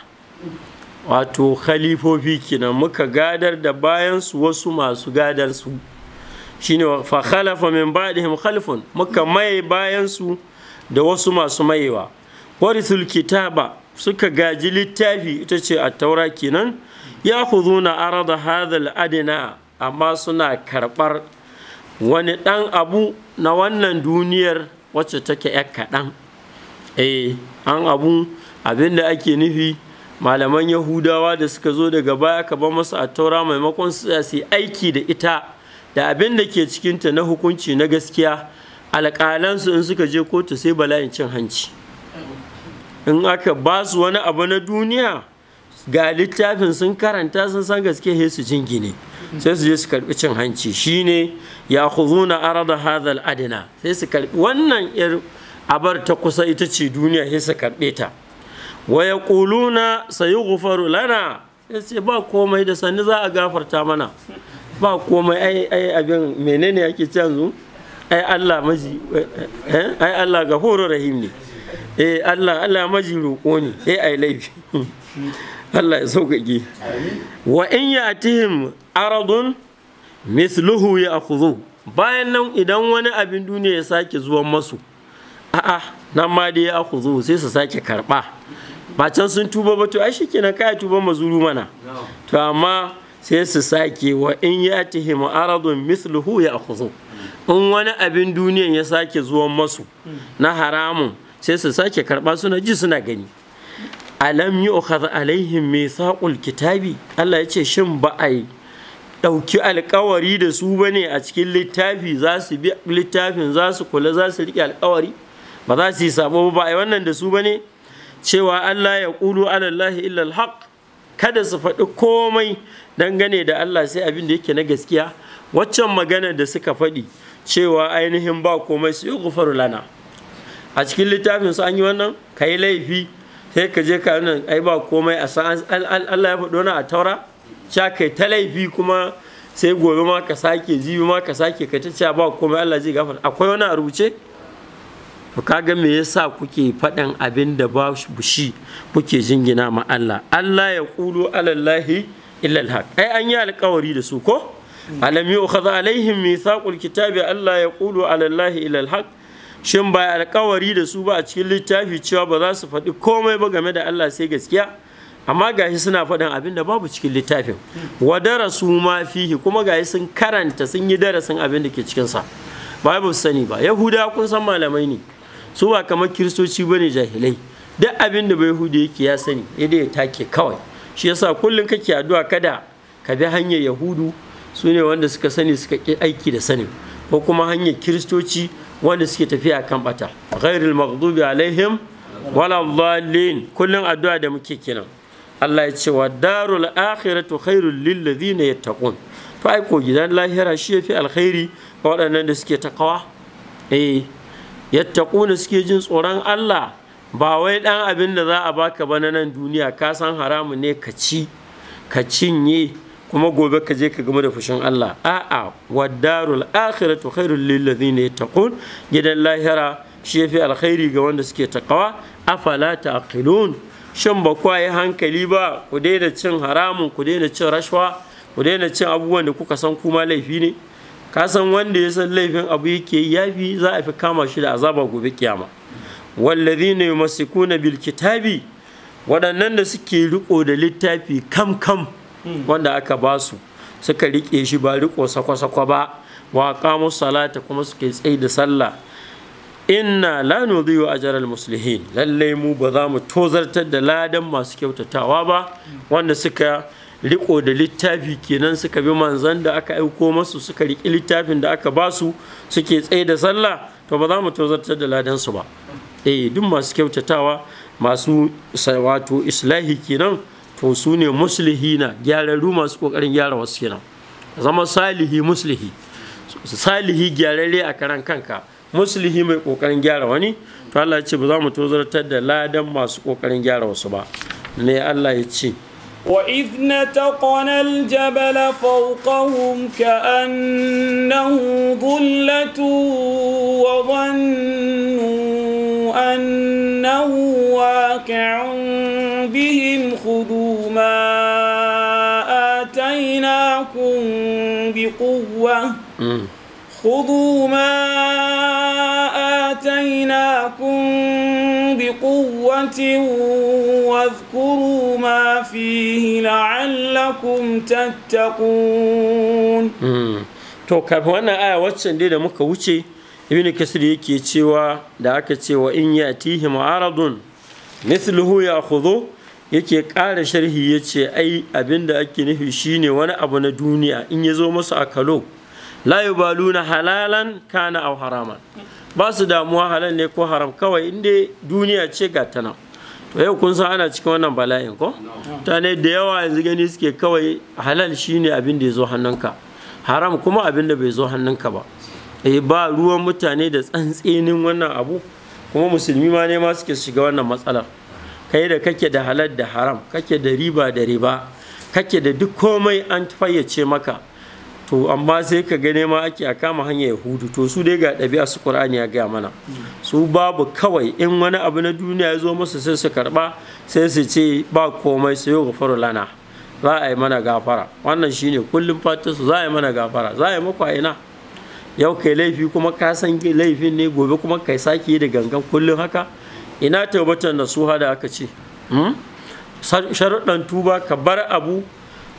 wato khalifofi kenan muka gadar da bayansu wasu masu gadar su shine fa khalafa min ba'dihim khalfun muka mai bayansu da wasu masu mayewa warithul kitaba suka gaji littafi ita ce a taura kenan ya na arada hadal adina amma suna karɓar wani ɗan abu na wannan duniyar wacce take ya kaɗan’ eh an abun abin da ake nufi malaman yahudawa da suka zo daga baya ka ba masu a taura maimakon su su aiki da ita da abin da ke cikinta na hukunci na gaskiya alƙalansu in suka je kotu sai bala'in cin hanci in aka ba su wani abu na duniya ga littafin sun karanta sun san gaske sai su jingine sai su je su karbi cin hanci shine ya khuzuna arada hadha adna sai su karbi wannan irin abar ta kusa ita ce duniya sai su karɓe ta wa yaquluna sayughfaru lana yace ba komai da sani za a gafarta mana ba komai ai ai abin menene yake ci yanzu ai Allah maji eh ai Allah gafuru rahim ne eh Allah Allah maji roƙo ne eh ai laifi (laughs) Allah ya sauƙaƙe wa in ya'tihim aradun misluhu ya'khudhu bayan nan idan wani abin duniya ya sake zuwa masu a'a nan ma dai ya ku sai su sake karɓa ba can sun tuba ba to ai kenan kai tuba mazuru mana to amma sai su sake wa in ya tihi ma'aradun misluhu ya akhuzu in wani abin duniyan ya sake zuwan masu na haramun sai su sake karɓa suna ji suna gani alam yi ukhadha alaihim mithaqul kitabi Allah yace ce shin ba ai ɗauki alkawari da su bane a cikin littafi za su bi littafin za su kula za su riƙe alkawari ba za su yi sabo ba yi wannan da su ba ne. cewa Allah ya ƙulu alallahi Allah illa kada su faɗi komai dangane da Allah sai abin da yake na gaskiya waccan magana da suka faɗi cewa ainihin ba komai su yi lana a cikin littafin su an yi wannan ka yi laifi sai ka je ka nuna ai ba komai a san Allah ya faɗo na a taura sha kai ta laifi kuma sai gobe ma ka sake jibi ma ka sake ka ta ba komai Allah zai gafara akwai wani a rubuce ka ga me yasa kuke faɗan abin da ba shi kuke jingina ma Allah Allah ya kulu alallahi illa alhaq ai an yi alƙawari da su ko alam yu'khadha alaihim mithaqul kitabi Allah ya kulu alallahi illa alhaq shin ba alƙawari da su ba a cikin littafi cewa ba za su faɗi komai ba game da Allah sai gaskiya amma gashi suna faɗin abin da babu cikin littafin wa darasu ma fihi kuma gashi sun karanta sun yi darasin abin da ke cikin sa ba sani ba yahuda kun san malamai ne su ba kamar kiristoci bane jahilai duk abin da bai hudu yake ya sani idan ya take kawai shi yasa kullum kake addu'a kada ka bi hanyar yahudu su ne wanda suka sani suka ki aiki da sanin ko kuma hanyar kiristoci wanda suke tafiya kan bata ghairul maghdubi alaihim wala dhallin kullum addu'a da muke kiran Allah ya ce wa darul akhiratu khairul lil ladina yattaqun to ai ko gidan lahira shi yafi alkhairi ga waɗannan da suke takawa eh yattaquna suke jin tsoron Allah ba wai dan abin da za a baka ba na nan duniya ka san haramu ne ka ci ka cinye kuma gobe ka je ka gama da fushin Allah a'a wadarul akhiratu khairul lil ladina yattaqun gidan lahira shi yafi alkhairi ga wanda suke takawa afala taqilun shin ba ku yi hankali ba ku daina cin haramun ku daina cin rashwa ku daina cin abubuwan da kuka san kuma laifi ne ka san wanda ya san laifin abu yake ya fi za a fi kama shi da azaba gobe kiyama ne masikuna bil kitabi waɗannan da suke riƙo da littafi kam kam wanda aka ba su suka rike shi ba riko sakwa-sakwa ba wa qamu salata kuma suke tsaye da sallah inna la nudhi'u ajra al-muslihin lalle mu ba za mu tozartar da ladan masu kyautatawa ba wanda suka riko da littafi kenan suka bi manzan da aka aiko masu suka riƙi littafin da aka ba su suke tsaye da sallah to ba za mu tozartar da ladansu ba eh duk masu kyautatawa masu wato islahi kenan to su ne muslihina gyararru masu kokarin gyara wasu kenan zama salihi muslihi salihi gyararre a karan kanka muslihi mai kokarin gyara wani to Allah ya ce ba za mu tozartar da ladan masu kokarin gyara wasu ba ne Allah ya ce وإذ نتقنا الجبل فوقهم كأنه ظلة وظنوا أنه واقع بهم خذوا ما آتيناكم بقوة خذوا ما آتيناكم بقوة واذكروا ما فيه لعلكم تتقون hmm. to kafin wannan aya waccan dai da muka wuce ibn kasir yake cewa da aka ce wa in yatihi ma'aradun mithluhu ya'khudhu yake ƙara sharhi yace ai abinda ake nufi shine wani abu na duniya in ya zo musu a kalo la yubaluna halalan kana au haraman ba su damuwa halal ne ko haram kawai inda duniya ce ga ta to yau kun san ana cikin wannan bala'in ko mutane da yawa yanzu gani suke kawai halal shine abin da ya zo hannunka haram kuma abin da bai zo hannunka ba eh ba ruwan mutane da tsantsinin wannan abu kuma musulmi ma ne ma suke shiga wannan matsalar kai da kake da halal da haram kake da riba da riba kake da duk komai an fayyace maka to amma sai ka gane ma ake a kama hanyar yahudu to su dai ga ɗabi'a su qur'ani ya gaya mana su babu kawai in wani abu na duniya ya zo masa sai su karba sai su ce ba komai sai yau gafaru lana za a yi mana gafara wannan shine kullum fatan su za a yi mana gafara za a yi muku ina yau kai laifi kuma ka san laifin ne gobe kuma kai sake da gangan kullum haka ina taubatan nasuha da aka ce hmm? sharuɗan tuba ka bar abu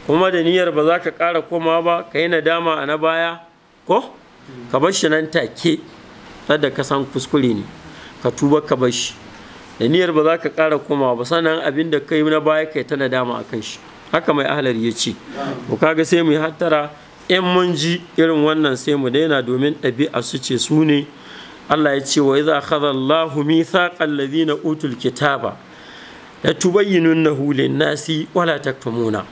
kuma da niyyar ba za ka ƙara koma ba ka yi nadama a na baya ko ka bar shi nan take da ka san kuskure ne ka tuba ka bar shi da niyyar ba za ka ƙara koma ba sannan abin da ka yi na baya ka yi ta nadama a kan shi haka mai ahalar ya ce ku kaga sai mu yi hattara in mun ji irin wannan sai mu daina domin ɗabi'a su ce su ne Allah ya ce wa idza akhadha Allahu mithaqal ladina utul kitaba la tubayyinunnahu lin-nasi wala taktumuna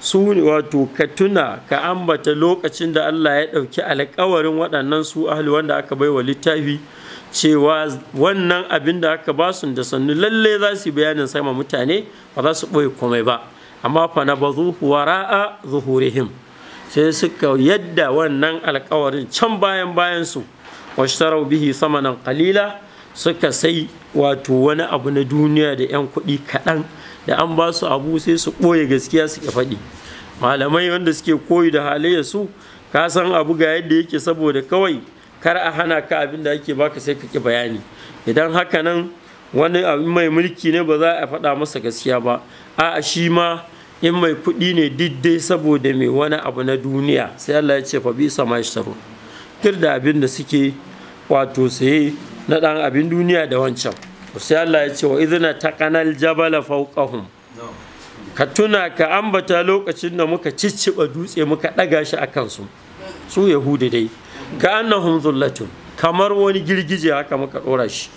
su ne wato ka tuna ka ambata lokacin da Allah ya ɗauki alkawarin waɗannan su ahli wanda aka bai wa littafi cewa wannan abin da aka ba su da sannu lalle za su bayanin sama mutane ba za su ɓoye komai ba amma fa na ba wara'a zuhurihim sai suka yadda wannan alkawarin can bayan bayan su washtarau bihi samanan qalila suka sai wato wani abu na duniya da 'yan kuɗi kaɗan da an ba su abu sai su ɓoye gaskiya suke faɗi malamai wanda suke koyi da halayya su ka san abu ga yadda yake saboda kawai kar a hana ka abin da ake baka sai ka ki bayani idan haka nan wani abin mai mulki ne ba za a faɗa masa gaskiya ba a shi ma in mai kuɗi ne diddai saboda mai wani abu na duniya sai Allah ya ce fa bi sama yashtaru kir da abin da suke wato saye na ɗan abin duniya da wancan sai Allah ya ce wa izina taqanal jabala fawqahum ka tuna ka ambata lokacin da muka cicciba dutse muka daga shi akan su su yahudi dai ka annahum zullatun kamar wani girgije haka muka dora shi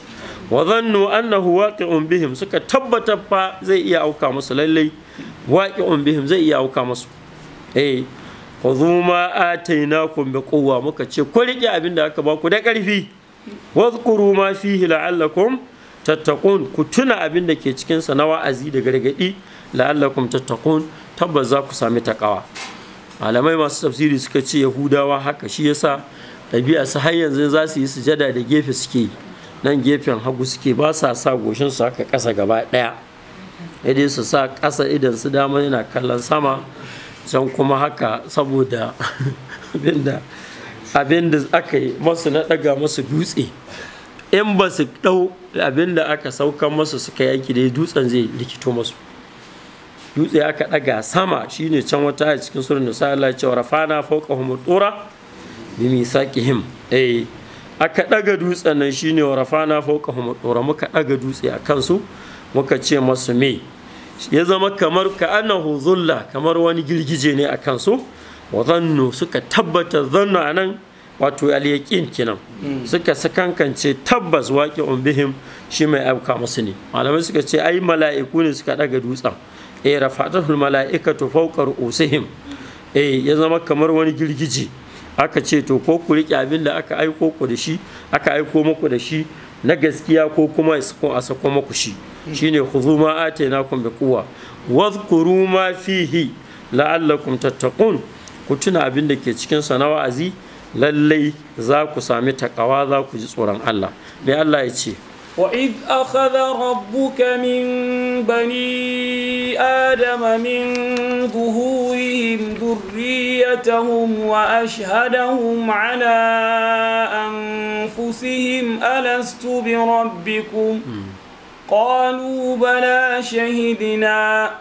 wa zannu annahu waqi'un bihim suka tabbata fa zai iya auka musu lallai waqi'un bihim zai iya auka musu eh khudhu ma atainakum bi quwwa muka ce ku rike abin aka ba ku da karfi wadhkuru ma fihi la'allakum tattakun ku tuna abin da ke cikin sa na wa'azi da gargadi la'allakum tattakun tabbas za ku sami takawa malamai masu tafsiri suka ce yahudawa haka shi yasa ɗabi'a su har yanzu za su yi sujada da gefe suke nan gefen hagu suke ba sa sa goshin su haka ƙasa gaba ɗaya idan su sa ƙasa idan su dama yana kallon sama can kuma haka saboda (laughs) da aka yi masu na ɗaga masu dutse in ba su ɗau abin da aka sauka masu suka yanki dai dutsen zai likito masu dutse aka ɗaga sama shine can wata a cikin surun nisa Allah cewa rafana fauka Bimi bi misaqihim eh aka ɗaga dutsen nan shine wa rafana fauka tura muka ɗaga dutse a kansu muka ce masu me ya zama kamar ka annahu zulla kamar wani girgije ne a kansu wa zannu suka tabbata zannu anan wato yaliyakin kenan hmm. suka sakankance tabbas waƙi bihim shi mai auka musu ne malamai suka ce ai mala'iku ne suka daga dutsen eh rafatatul mala'ikatu fawqa ru'usihim eh ya zama kamar wani girgiji aka ce to ko ku riƙe abin da aka aiko ku da shi aka aiko muku da shi na gaskiya ko kuma a sako muku shi hmm. shine khudhu ma atainakum bi quwwa wadhkuru ma fihi la'allakum tattaqun ku tuna abin da ke cikin sa na wa'azi lallai za ku sami takawa za ku ji tsoron Allah mai Allah ya ce wa id akhadha rabbuka min bani adama min duhuhim durriyatuhum wa ashhadahum ala anfusihim alastu bi rabbikum hmm. qalu bala shahidina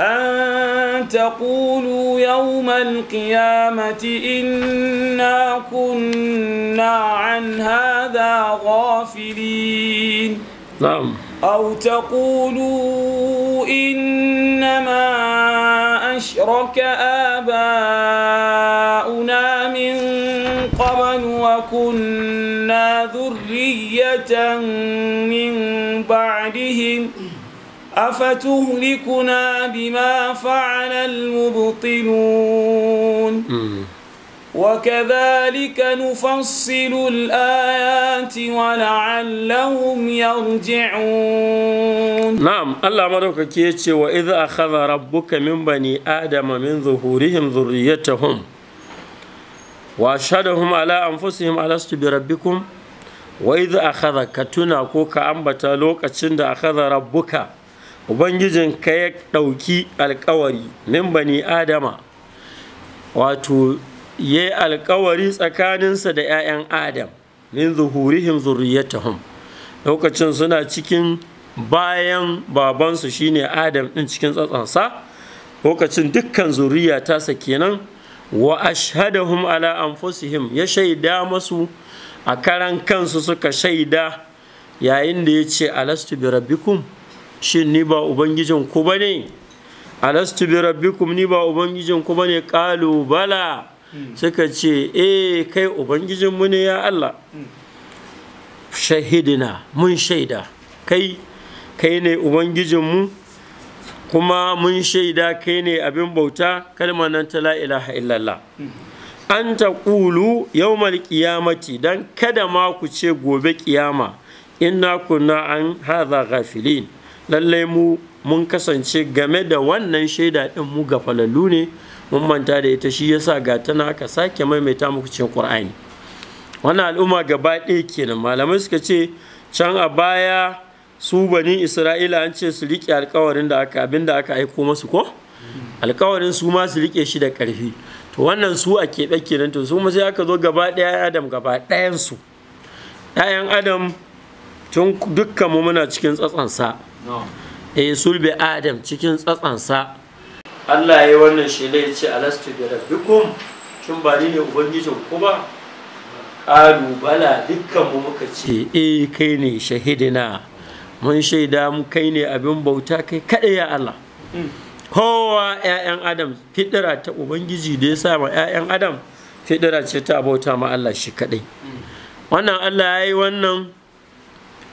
أن تقولوا يوم القيامة إنا كنا عن هذا غافلين نعم أو تقولوا إنما أشرك آباؤنا من قبل وكنا ذرية من بعدهم ۖ أفتهلكنا بما فعل المبطلون وكذلك نفصل الآيات ولعلهم يرجعون نعم الله مدوك كيتي وإذا أخذ ربك من بني آدم من ظهورهم ذريتهم وأشهدهم على أنفسهم ألست بربكم وإذا أخذ كتنا كوكا أنبتا لوكا تشند أخذ ربك ubangijin ka ya ɗauki alkawari min bani adama wato ya yi alkawari tsakaninsa da 'ya'yan adam min zuhurihim zurriyatahum lokacin suna cikin bayan babansu shine adam ɗin cikin tsatsansa lokacin dukkan zuriya tasa kenan wa ashhadahum ala anfusihim ya shaida masu a karan kansu suka shaida yayin da ya ce alastu bi rabbikum shin ni ba ubangijin ku bane alastu bi rabbikum ni ba ubangijin ku bane qalu bala hmm. suka ce eh kai ubangijin mu ne ya Allah hmm. shahidina mun shaida kai kai ne ubangijin mu kuma mun shaida kai ne abin bauta kalmar nan ta la ilaha illallah hmm. an ta ƙulu yawmal ƙiyamati don kada ma ku ce gobe ƙiyama inna kunna an haza ghafilin lallai mu mun kasance game da wannan shaida ɗin mu ga falalu ne mun manta da ita shi yasa ga tana ka sake maimaita muku cikin Qur'ani wannan al'umma gaba ɗaya kenan malamai suka ce can a baya su bani Isra'ila an ce su riƙe alƙawarin da aka abin da aka aiko masu ko alƙawarin su ma su riƙe shi da ƙarfi to wannan su a keɓe kenan to su sai aka zo gaba ɗaya Adam gaba ɗayan su ɗayan Adam tun dukkan muna cikin tsatsansa eh sulbe adam cikin tsatsansa Allah ya yi wannan shela ya ce alastu da rabbikum shin ba ni ne ubangijin ku ba qalu bala dukkan mu muka ce eh, eh kai ne shahidina mun shaida mu kai ne abin bauta kai kada ya Allah hmm. kowa ƴaƴan adam fidira ta ubangiji da ya sa ma ƴaƴan adam fidira ce ta bauta ma Allah shi kaɗai. Hmm. wannan Allah ya yi wannan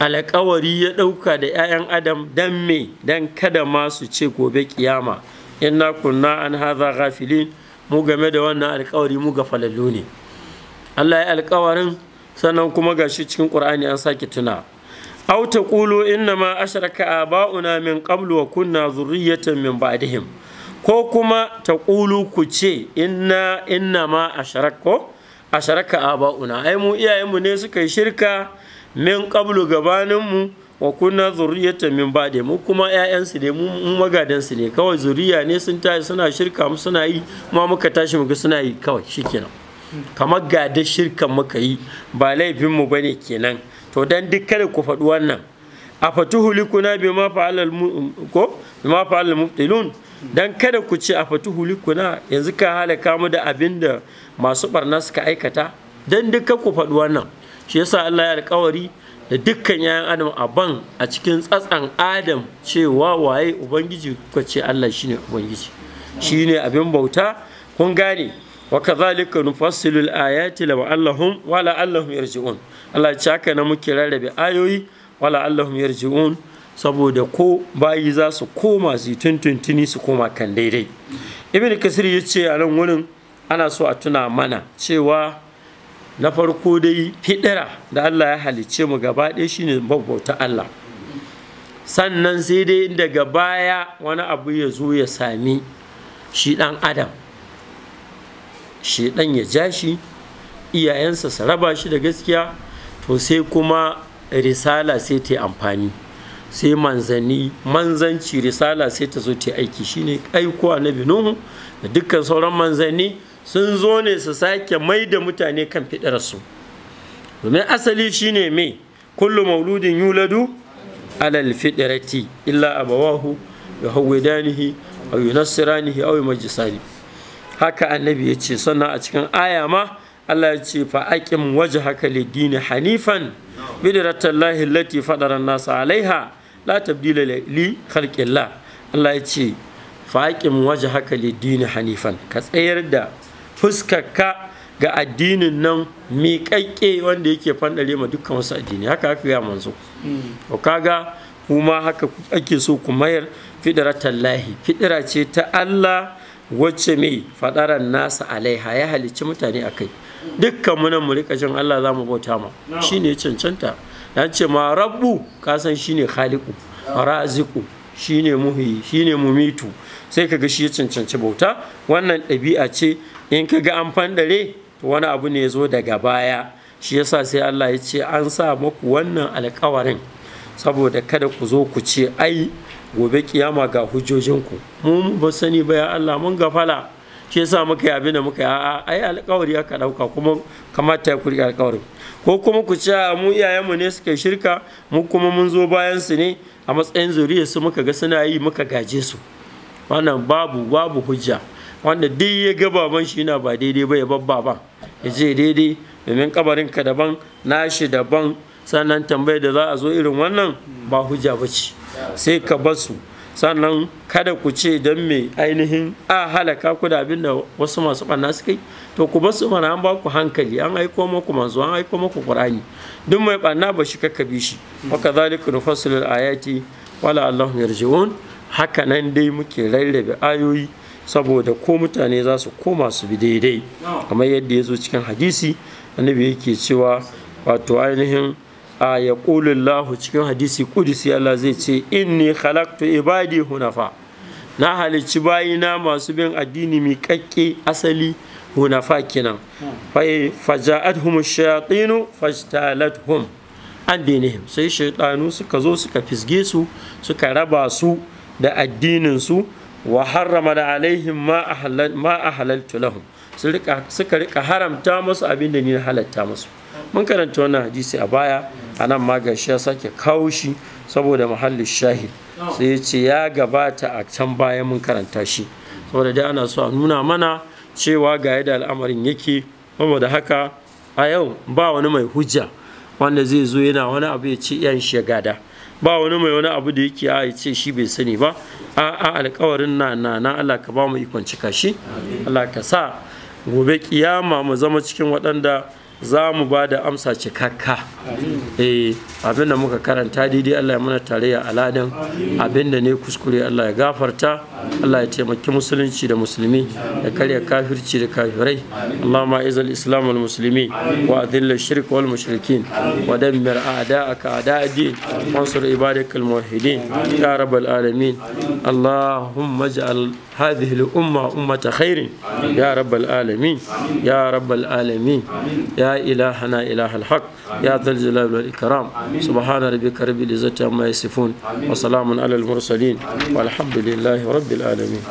alƙawari ya ɗauka da 'ya'yan adam dan me don kada ma su ce gobe kiyama inna kunna an haza gafilin mu game da wannan alƙawari mu ga falallu ne Allah ya alƙawarin sannan kuma ga shi cikin Qur'ani an sake tuna aw taqulu inna ma asharaka aba'una min qablu wa kunna zurriyatan min ba'dihim ko kuma taqulu ku ce inna inna ma asharako asharaka aba'una ai mu mu ne suka yi shirka min qablu gabaninmu wa kunna zuriyata min ba'de mu kuma ƴaƴansu ne mu magadansu ne kawai zuriya ne sun tashi suna shirka mu suna yi ma muka tashi muka suna yi kawai shikenan kamar gada shirka muka yi ba laifinmu mu bane kenan to dan duk kada ku faɗi wannan a bi ma fa'alal ko ma fa'alal mubtilun dan kada ku ce a likuna yanzu ka halaka mu da abinda masu barna suka aikata dan duk ku faɗi wannan shi yasa Allah ya alƙawari da dukkan yayan adam a ban a cikin tsatsan adam cewa waye ubangiji kuka ce Allah shine ubangiji shine abin bauta kun gane wa kadhalika nufassilu al-ayati la'allahum wa la'allahum yarji'un Allah ya haka na muke rarrabe ayoyi wa la'allahum yarji'un saboda ko bayi za su koma su tuntuntuni su koma kan daidai ibn kasir yace ce a nan wurin ana so a tuna mana cewa na farko dai fidira da Allah ya halicce mu gaba ɗaya shine bauta Allah sannan sai dai daga baya wani abu ya zo ya sami shi ɗan adam shi ɗan ya ja shi iyayensa su raba shi da gaskiya to sai kuma risala sai ta amfani sai manzanni manzanci risala sai ta zo ta aiki shine aikuwa na nuhu da dukkan sauran manzanni sun zo ne su sake mai da mutane kan su domin asali shine me kullu mauludin yuladu alal fiɗarati illa abawahu ya hawwidanihi aw yunassiranihi aw yumajjisani haka annabi ya ce sannan a cikin aya ma Allah ya ce fa aqim wajhaka dini hanifan bidratallahi allati fadara an alaiha la tabdila li khalqillah Allah ya ce fa aqim wajhaka dini hanifan ka tsayar da fuskarka ga addinin nan miƙaƙƙe wanda yake fandare ma dukkan wasu addini haka haka ya manzo to kaga kuma haka ake so ku mayar fidaratan lahi fidira ce ta Allah wacce mai fadaran nasa alaiha ya halicci mutane a kai. dukkan mu nan mu rika jin Allah za mu bauta ma shine cancanta dan ce ma rabbu ka san shine khaliqu raziqu shine muhi shine mumitu sai kaga shi ya cancanci bauta wannan ɗabi'a ce in ka ga an dare wani abu ne zo daga baya shi yasa sai Allah ya ce an sa maku wannan alkawarin saboda kada ku zo ku ce ai gobe kiyama ga hujjojinku mu ba sani ba ya Allah mun gafala shi yasa muka yi abin da muka yi a'a ai alkawari aka dauka kuma kamata ku riƙe alkawarin ko kuma ku ce mu iyayenmu ne suka shirka mu kuma mun zo bayan su ne a matsayin zuriyar su muka ga suna yi muka gaje su wannan babu babu hujja wanda duk ya ga baban shi yana ba daidai ba ya babba ba ya ce daidai domin kabarin ka daban nashi daban sannan tambayar da za a zo irin wannan ba hujja ba ce sai ka basu sannan kada ku ce don me ainihin a halaka ku da abin da wasu masu ɓanna suka yi to ku basu mana an ba ku hankali an aiko maku manzo an aiko maku qur'ani duk mai ɓanna ba shi kakka bi shi wa kadhalika nufassilul ayati wala allahu yarji'un haka nan dai muke rarrabe ayoyi saboda ko mutane za su koma su bi daidai kamar yadda ya zo cikin hadisi annabi yake cewa wato ainihin a ya lahu cikin hadisi kudisi Allah zai ce inni khalaqtu ibadi hunafa na halicci bayina masu bin addini mai kakke asali hunafa kenan faja'atuhum shayatinu fajtalathum an dinihim sai shaytanu suka zo suka fisge su suka raba su da addinin su wa harrama da alaihim ma a ahalaltu lahum suka rika haramta masu abin da ni halatta masu. mun karanta wannan hadisi a baya a nan ma gashi ya sake kawo shi saboda muhallin shahid sai ya ce ya gabata a can bayan mun karanta shi saboda dai ana so a nuna mana cewa ga yadda al'amarin yake saboda haka a yau ba wani mai hujja wanda zai zo yana wani abu ya ce 'yan shi ya gada ba wani mai wani abu da yake a ce shi bai sani ba a alkawarin na na na Allah ka ba mu ikon cika shi Allah ka sa gobe kiyama mu zama cikin waɗanda za mu ba da amsa cikakka eh abin da muka karanta daidai Allah ya mana tarayya aladan abin da ne kuskure Allah ya gafarta Allah ya taimaki musulunci da musulmi ya karya kafirci da kafirai Allah ma izal islam wal muslimi wa adhilla shirk wal mushrikin wa dammir a'da'aka a'da'id wansur ibadakal muwahhidin ya rabbal alamin Allahumma هذه الأمة أمة خير يا رب العالمين يا رب العالمين يا إلهنا إله الحق يا ذا الجلال والإكرام سبحان ربك رب العزة عما يصفون وسلام على المرسلين والحمد لله رب العالمين